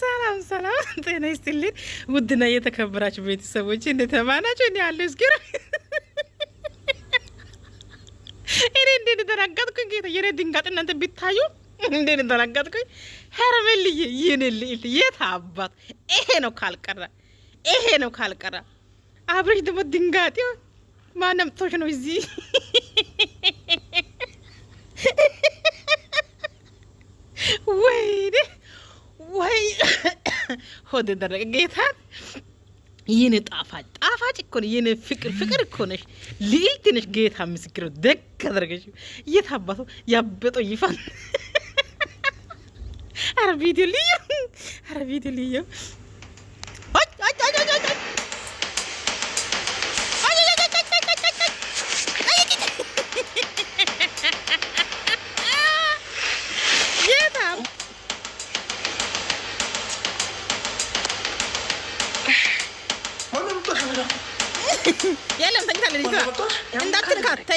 ሰላም ሰላም፣ ጤና ይስጥልኝ ውድና እየተከበራችሁ ቤተሰቦች እንዴት ተማናችሁ? እኔ ያለው እስኪራ እኔ እንዴት ጌታ የኔ ድንጋጥ እናንተ ቢታዩ እንዴት እንደረገጥኩኝ። ሄርሜልዬ ይህን ልዕልት የት አባት ይሄ ነው ካልቀረ ይሄ ነው ካልቀረ አብሬሽ ደግሞ ድንጋጤ ማንም አምጥቶሽ ነው እዚህ ሆድ ደረቀ። ጌታን ይህን ጣፋጭ ጣፋጭ እኮ ነው። ይህን ፍቅር ፍቅር እኮ ነሽ፣ ልዕልት ነሽ። ጌታ ምስክር ነው። ደግ አደረገሽ። አባቶ ያበጠው ይፋን አረ ቪዲዮ ልዩ አረ ቪዲዮ ልዩ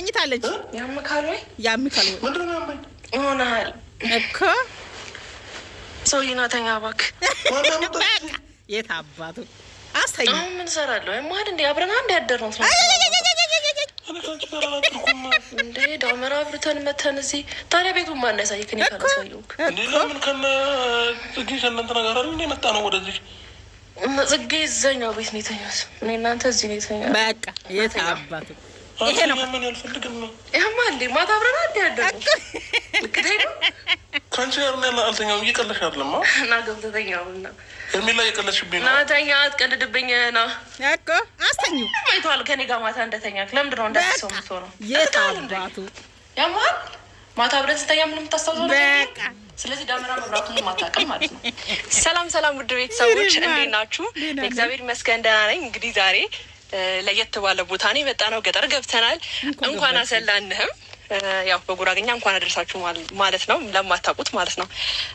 ተኝታለች። ያምካል ወይ ያምካል እኮ እባክህ። የት አባቱ አሁን ምን እሰራለሁ? እንዲ አንድ ያደርነው እንደ ዳመራ አብርተን መተን እዚህ ታዲያ ቤቱ ማን ያሳይ? ከእናንተ ነገር ነው ወደዚህ ጽጌ እዛኛው ቤት ነው የተኛት። እኔ እናንተ እዚህ ነው የተኛት። በቃ የት አባቱ ይሄ ነው። እንዴ ማታ ከአንቺ ጋር ያለ እየቀለሽ እና ገብተተኛው ና እየቀለሽብኝ ነው። ናተኛ አትቀልድብኝ ና አስተኙ ማይተዋል ከኔ ጋር ማታ እንደተኛ ነው ያማል ማታ አብረን ስተኛ በቃ ስለዚህ መብራቱን ማታቀም ማለት ነው። ሰላም ሰላም፣ ውድ ቤተሰቦች እንዴት ናችሁ? እግዚአብሔር ይመስገን ደህና ነኝ። እንግዲህ ዛሬ ለየት ባለ ቦታ ነው የመጣ ነው። ገጠር ገብተናል። እንኳን አሰላንህም ያው በጉራግኛ እንኳን አደረሳችሁ ማለት ነው፣ ለማታውቁት ማለት ነው።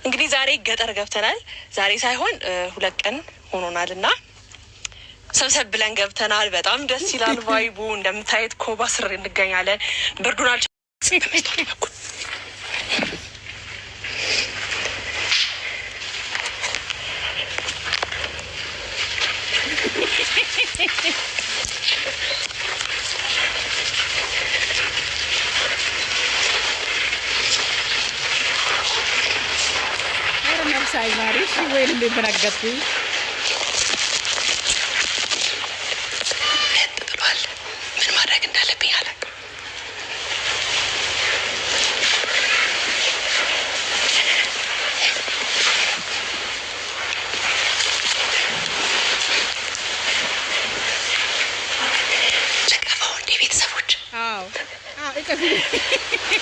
እንግዲህ ዛሬ ገጠር ገብተናል። ዛሬ ሳይሆን ሁለት ቀን ሆኖናል እና ሰብሰብ ብለን ገብተናል። በጣም ደስ ይላል ቫይቡ። እንደምታየት ኮባ ስር እንገኛለን። ብርዱን አልቻ በኩል ነብሳይ ማሪ ወይ ልብ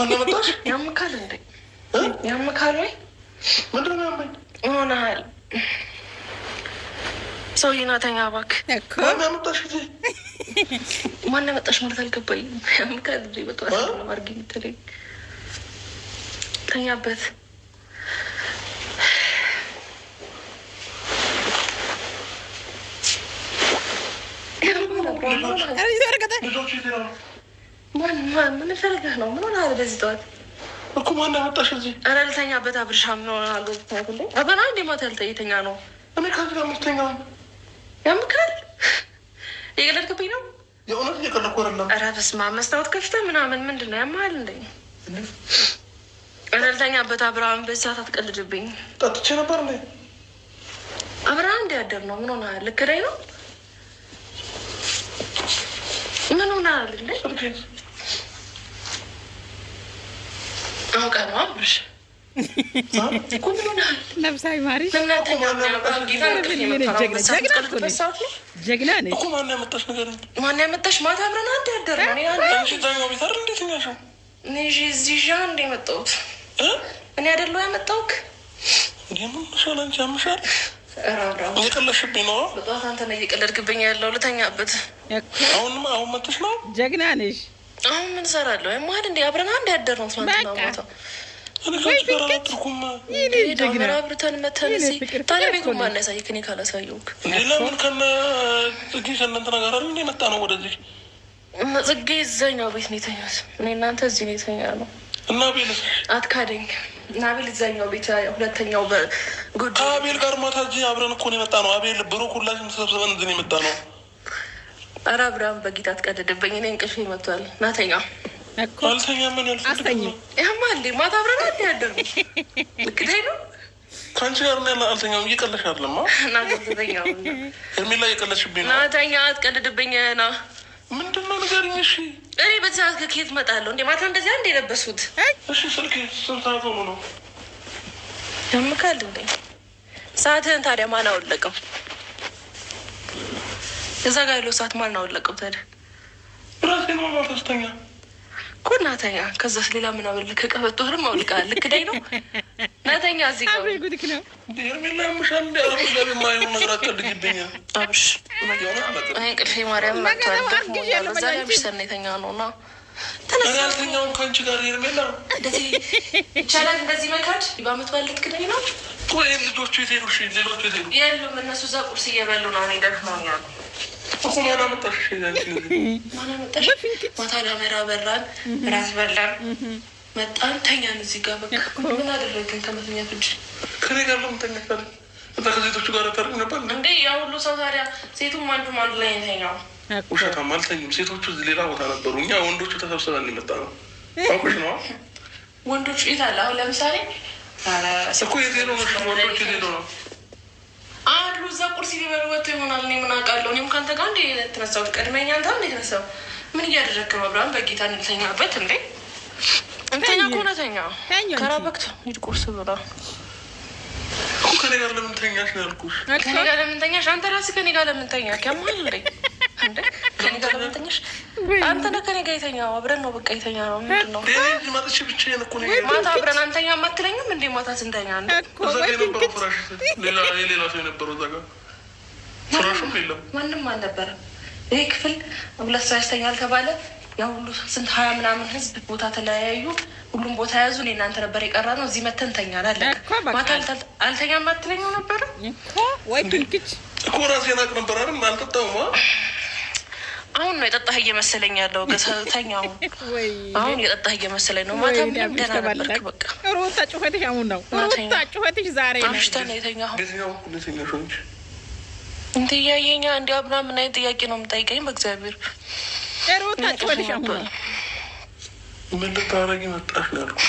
ማነው ያመጣሽ? ያምካል እንዴ? ያምካል ወይ? ምንድን ነው ያመኝ? ሆናል ሰውዬ ና ተኛ እባክህ። ማነው ያመጣሽ? ማነው ያመጣሽ ማለት አልገባኝም። ያምካል እንዴ? በጠዋት አድርጊ የምትለኝ ተኛበት ያምካል ምን ፈልገህ ነው? ምን ሆነሃል? በዚህ ጠዋት እኮ ማን አመጣሽ እዚህ? ኧረ ልተኛበት አብርሻ። ምን ሆነሃል? አበና እንዴ ሞተል ተይተኛ ነው እኔ ከዚህ ጋር ምትተኛ ያምካል። እየቀለድክብኝ ነው። የእውነት እየቀለድኩ አይደለም። ኧረ በስመ አብ መስታወት ከፍተህ ምናምን ምንድን ነው ያመሃል እንዴ? ኧረ ልተኛበት አብርሃም። በዚህ ሰዓት አትቀልድብኝ። ጠጥቼ ነበር እንዴ? አብርሃም እንዲ ያደር ነው። ምን ሆነሃል? ልክ ላይ ነው። ምን ሆነሃል እንዴ? አውቀ ነው አብርሽ ነብሳዊ ማሪ ጀግና ነች። ማን ያመጣሽ ነገር ማን አሁን መተሽ ጀግና ነሽ። አሁን ምን እሰራለሁ? መሀል እንዲ አብረን አንድ ያደር ነው ትናንትና አብርተን መተን ታዲያ ቤቱ ማን ያሳይክ? እኔ ካላሳየሁክ ምን ከነጽጌ ከእናንትና ጋር እንደ መጣ ነው ወደዚህ ጽጌ እዛኛው ቤት ነው የተኛት። እኔ እናንተ እዚህ ነው የተኛ ነው እናቤል አትካደኝ እናቤል ቤል እዛኛው ቤት ሁለተኛው ጉዳይ ከአቤል ጋር ማታ እዚህ አብረን እኮ ነው የመጣ ነው። አቤል ብሩክ ሁላችን ተሰብስበን እዚህ ነው የመጣ ነው ኧረ አብርሃም በጌታ አትቀልድብኝ። እኔ እንቅልፌ መጥቷል። ናተኛ አልተኛ ምን ያልፈልግ ያማ ማታ አብረን አንድ ያደር ልክዳይ ነው ከአንቺ ጋር ና አልተኛም። እየቀለሽ አለማ ናተኛ ሄርሜላ እየቀለሽብኝ ነው። ናተኛ አትቀልድብኝ። ና ምንድን ነው ንገሪኝ። እሺ እኔ በተሰዓት ከኬት መጣለሁ እንዴ ማታ እንደዚያ እንደ የለበሱት እሺ ስልክ ስንት ሰዓት ሆኖ ነው ያምካል እንዴ ሰዓትህን ታዲያ ማን አወለቀው? እዛ ጋር ያለው ሰዓት ማን አወለቀው ታዲያ? ራሴ ነው ማታስተኛ ናተኛ። ከዛስ ሌላ ምን አወልክ? ከቀበቶህንም አውልቀሃል። ልክ ደይ ነው ናተኛ። እዚህ ጋር አብርሽ እንቅልፌ ማርያም መቷል። ዛሬ ነው እና ከአንቺ ጋር ሄርሜላ እንደዚህ ይቻላል። እንደዚህ መካድ በአመት ባለት ክደኝ ነው። ልጆቹ የት ሄዱ? ሌሎቹ የት ሄዱ? የሉም። እነሱ እዛ ቁርስ እየበሉ ነው። እኔ ደክሞኛል። ማታ ዳመራ በራን፣ ራት በላን፣ መጣን፣ ተኛን። እዚህ ጋር በቃ ምን አደረግን? ከመተኛ ፍጅ ከኔ ጋር ለምተኛ ፈል እዛ ከሴቶቹ ጋር ታርቅ ነበር እንዴ? ያ ሁሉ ሰው ታዲያ ሴቱም አንዱም አንዱ ላይ የተኛው ውሸታም አልተኙም። ሴቶቹ ሌላ ቦታ ነበሩ። እኛ ወንዶቹ ተሰብስበን የመጣ ነው። አውቅሽ ነው ወንዶቹ የት አለ አሁን? ለምሳሌ እኮ የት ሄዶ ነው? ወንዶቹ የት ሄዶ ነው? አሉ እዛ ቁርስ ሊበሉ ወጥቶ ይሆናል። እኔ ምን አውቃለሁ? እኔም ከአንተ ጋር እንደ የተነሳው ቀድመኛ አንተ እንደ የተነሳው ምን እያደረግክ ነው? አብርሃም በጌታ እንተኛበት እንዴ! እንተኛ እኮ ነው ተኛ። ከራበክት ሂድ ቁርስ ብላ ከኔ ጋር ለምንተኛሽ ነው ያልኩሽ። ከኔ ጋር ለምንተኛሽ? አንተ ራስህ ከኔ ጋር ለምንተኛ ከማል እንዴ አንተ ነህ ከእኔ ጋር የተኛው። አብረን ነው በቃ የተኛ ነው። ምንድን ማታ አብረን አንተኛ የማትለኝም እንዴ? ማታ ስንተኛ ነው የሌላ ሰው ማንም አልነበረም። ይህ ክፍል ሁለት ሰው ያስተኛል ተባለ። ያ ሁሉ ስንት ሀያ ምናምን ህዝብ ቦታ ተለያዩ። ሁሉም ቦታ ያዙ። እኔ እናንተ ነበር የቀራ ነው። እዚህ መተን ተኛል አለ። ማታ አልተኛም አትለኝም ነበረ ወይ ትንክች እኮ ራሴን አቅ ነበር አይደል አልጠጣሁም አሁን ነው የጠጣህ እየመሰለኝ ያለው ገሰተኛው አሁን የጠጣህ እየመሰለኝ ነው። ማታ ምንም ደህና ነበርክ። በቃ ሮጣ ጩኸትሽ አሁን ነው ሮጣ ጩኸትሽ ዛሬ ነው። አምሽተህ ነው የተኛኸው። እንትን እያየኛ እንዲ አብና ምን አይነት ጥያቄ ነው የምጠይቀኝ? በእግዚአብሔር ሮጣ ጩኸትሽ አሁን ነው። ምን ልታረጊ መጣሽ? ላልኩሽ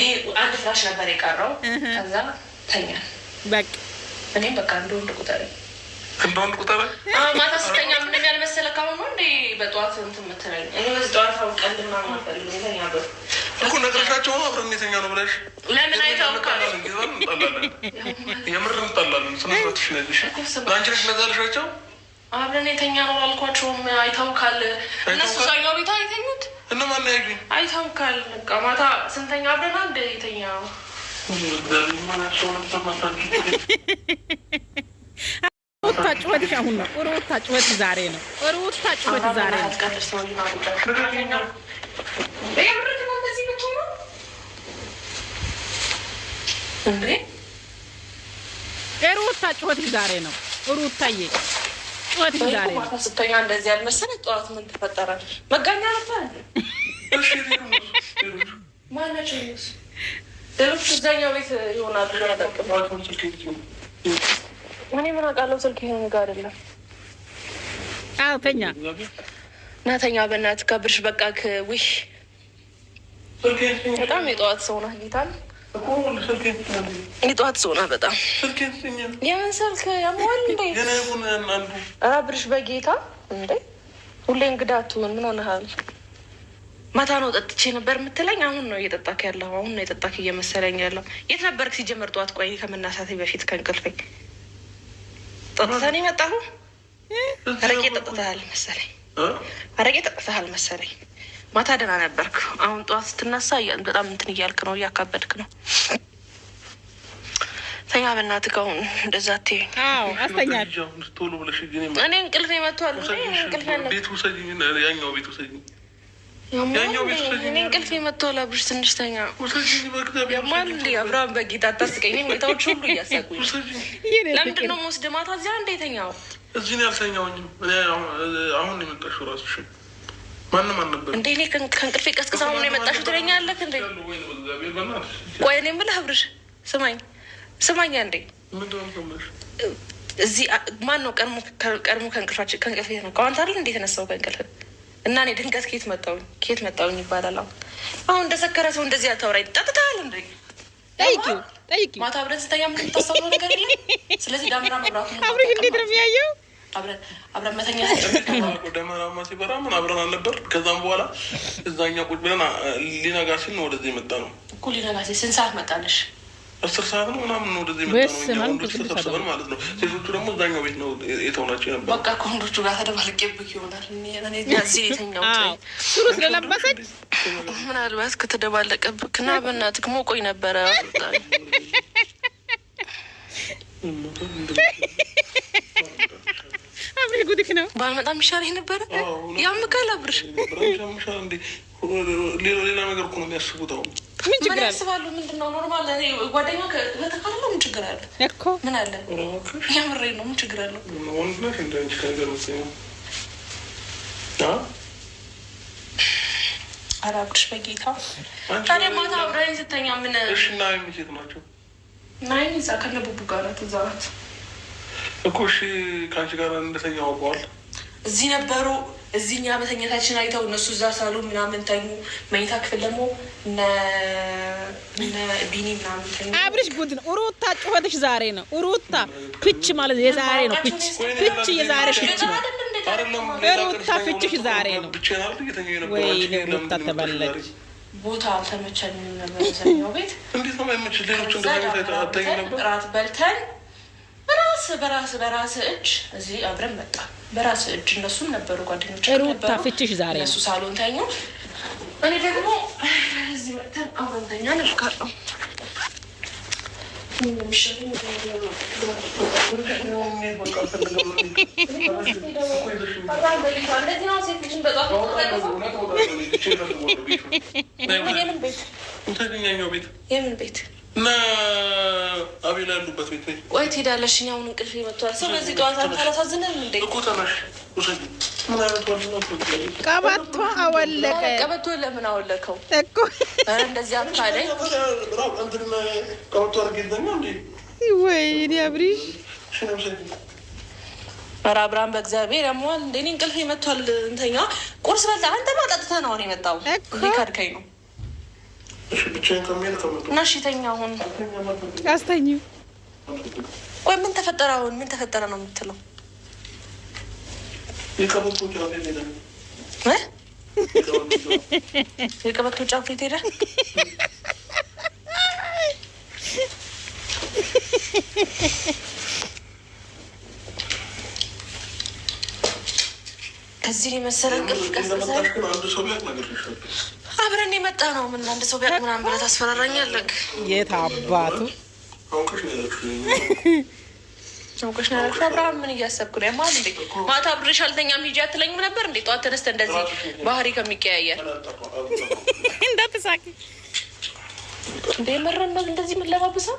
ይሄ አንድ ፍራሽ ነበር የቀረው። ከዛ ተኛል። በቃ እኔም በቃ እንደ ወንድ ቁጠር እንደ ወንድ ቁጠር ማታ ስተኛ ምንም ያልመሰለ ካሁኑ እንደ በጠዋት እንትን የምትለኝ እኔ በዚህ ጠዋት አሁን ቀልድማ እኮ ነግረሻቸው ነው። አብረን የተኛ ነው ብለሽ ለምን አይተው የምር እንጣላለን። ስነ ስርዓትሽ ለአንቺ ነሽ ነግረሻቸው አብረን የተኛ ነው አልኳቸውም። አይታውካል። እነሱ ሳኛ ቤት አይተኙት እነማን ያዩኝ አይታውካል። በቃ ማታ ስንተኛ አብረን አንድ የተኛ ነው ሩታ ጩኸትሽ አሁን ነው። ሩታ ጩኸት ዛሬ ነው። ሩታ ጩኸት ዛሬ ነው። ሩታ ጩኸትሽ ዛሬ ነው። ሩታዬ ማታ ስተኛ እንደዚህ ያልመሰለኝ ጠዋት ምን ተፈጠረ? መጋኛ ነበር። ማናቸው ሌሎች እዛኛው ቤት ይሆናሉ። እኔ ምን አውቃለሁ? ስልክ ይሄ ነገር አይደለም። አዎ ተኛ ናተኛ በእናትህ ከብርሽ በቃ ውሽ በጣም የጠዋት ሰው ነህ ጌታን የጠዋት ሰው ናት በጣም ያን ስልክ ያመዋል እንዴ? አብርሽ በጌታ እንዴ ሁሌ እንግዳ ትሆን ምን ሆነሃል? ማታ ነው ጠጥቼ ነበር የምትለኝ። አሁን ነው እየጠጣክ ያለው። አሁን ነው የጠጣክ እየመሰለኝ ያለው። የት ነበርክ ሲጀመር ጠዋት? ቆይ ከመናሳቴ በፊት ከእንቅልፌ ጠጥተህ የመጣሁ። አረቄ ጠጥተሃል መሰለኝ። አረቄ ጠጥተሃል መሰለኝ ማታ ደህና ነበርክ። አሁን ጠዋት ስትነሳ በጣም እንትን እያልክ ነው፣ እያካበድክ ነው። ተኛ በእናትህ ከአሁን እንደዛ አትይኝ። እኔ እንቅልፍ መቷል። እኔ እንቅልፌ መቷል። አብርሽ ትንሽ ተኛ። የማን አብርሃም በጌታ አታስቀኝ። ሁኔታዎች ሁሉ እያሳቁኝ። ለምንድን ነው የምወስድ ማታ እዚያ እንደ የተኛው እዚህ ነው አሁን የመጣሽው እራስሽ ማንም አልነበረ እንዴ? እኔ ከእንቅልፌ ቀስቅሳ ሆኖ የመጣሽው ትለኛለህ እንዴ? ቆይ እኔ የምልህ አብርሽ፣ ስማኝ ስማኝ እንዴ እዚህ ማን ነው ቀድሞ ከእንቅልፋችን ከእንቅልፍ ነው ከአንተ አይደል እንዴ የተነሳው ከእንቅልፍ እና እኔ ድንገት ከየት መጣሁኝ ከየት መጣሁኝ ይባላል። አሁን አሁን እንደሰከረ ሰው እንደዚህ አታውራኝ። ጠጥተሃል እንዴ? ጠይቂው ጠይቂው። ማታ አብረን ስተኛ ምን የምታስታውለው ነገር የለም። ስለዚህ ዳምራ መብራቱ አብረሽ እንዴት ነው የሚያየው አብረን መተኛ ደመናማ ሲበራ ምን አብረን አልነበር። ከዛም በኋላ እዛኛ ቁጭ ብለን ሊነጋ ሲል ነው ወደዚህ የመጣ ነው እኮ ሊነጋ ሲል ስንት ሰዓት መጣለሽ? አስር ሰዓት ነው ምናምን ነው ወደዚህ ተሰብስበን ማለት ነው። ሴቶቹ ደግሞ እዛኛው ቤት ነው የተውናቸው ነበር። በቃ ከወንዶቹ ጋር ተደባልቄብክ ይሆናል እዚህ የተኛሁት ጥሩ ስለለበሰች ምናልባት ከተደባለቀብክና በእናትህ ሞቆኝ ነበረ ጉድክ ነው። ባልመጣም ይሻልህ ነበረ። ያምካል አብርሽ፣ ሌላ ነገር እኮ ነው የሚያስቡት። አሁን ምን ችግር አለ? ያስባሉ። ምንድን ነው ኖርማል። ጓደኛ ከተካለ ምን ችግር አለ እኮ? ምን አለ? ያምሬ ነው። ምን ችግር አለው? ወንድ ነሽ እንደ ኧረ አብርሽ በጌታ ታዲያ ማታ አብረን ስተኛ ምን እሺ። እና የሚሴት ናቸው ናይን ይህን ይዛ ከነ ቡቡ ጋር ትዛራት እኮ እሺ፣ ከአንቺ ጋር እንደተኛ አውቀዋል። እዚህ ነበሩ። እዚህ እኛ መተኛታችን አይተው እነሱ እዛ ሳሉ ምናምን ተኙ። መኝታ ክፍል ደግሞ ቢኒ ምናምን ተኙ። አብርሽ ጉድ ነው። ሩታ ጩኸትሽ ዛሬ ነው። ሩታ ፍች ማለት የዛሬ ነው። ፍች ፍች የዛሬ ፍች ነው። ሩታ ፍችሽ ዛሬ ነው። ወይኔ ሩታ ተበለች። ቦታ አልተመቸንም ነበር። ዘኛው ቤት እንዴት ነው የምችል ሌሎች እንደዛ ቤት ነበር ራት በልተን በራስ በራስ እጅ እዚህ አብረን መጣ። በራስ እጅ እነሱም ነበሩ ጓደኞች ሩታ ፍችሽ ዛሬ እነሱ ሳሎን ተኙ። እኔ ደግሞ እዚህ መጥተን አብረን ተኛ ነፍቃለሁ ቤት የምን ቤት ምን ላሉበት ቤት ነኝ። ቆይ ትሄዳለሽ። እኔ አሁን እንቅልፌ መጥቷል። ሰው በዚህ ጨዋታ አላሳዝንም እንዴ እኮ ተናሽ ቀበቶ አወለቀ። ቀበቶ ለምን አወለቀው እኮ እንደዚህ አታለኝ። ቀበቶ አርጌዘኛ እንዴ ወይ እኔ አብሪሽ ኧረ አብርሃም በእግዚአብሔር ያመዋል እንደ እኔ እንቅልፍ መቷል። እንተኛ ቁርስ በላ። አንተ ጠጥተህ ነው አሁን እኮ ሊካድከኝ ነው እና እሺ ተኛ አሁን አስተኝም ቆይ ምን ተፈጠረ? አሁን ምን ተፈጠረ ነው የምትለው? የቀበቶ ጫፍ ሄደ። ሄደ። ከዚህ የመሰለ አብረን የመጣ ነው። ምን አንድ ሰው ቢያቅ ምናምን ብለህ ታስፈራራኛለህ? የት አባቱ ጮቅሽ ነው ያልኩሽ። አብርሃም ምን እያሰብክ ነው? ያማ እንዴ ማታ አብሬሽ አልተኛም ሂጂ አትለኝም ነበር እንዴ? ጠዋት ተነስተ እንደዚህ ባህሪ ከሚቀያየር እንዳትሳቂ እንደ መረን እንደዚህ ምን ለባብሰው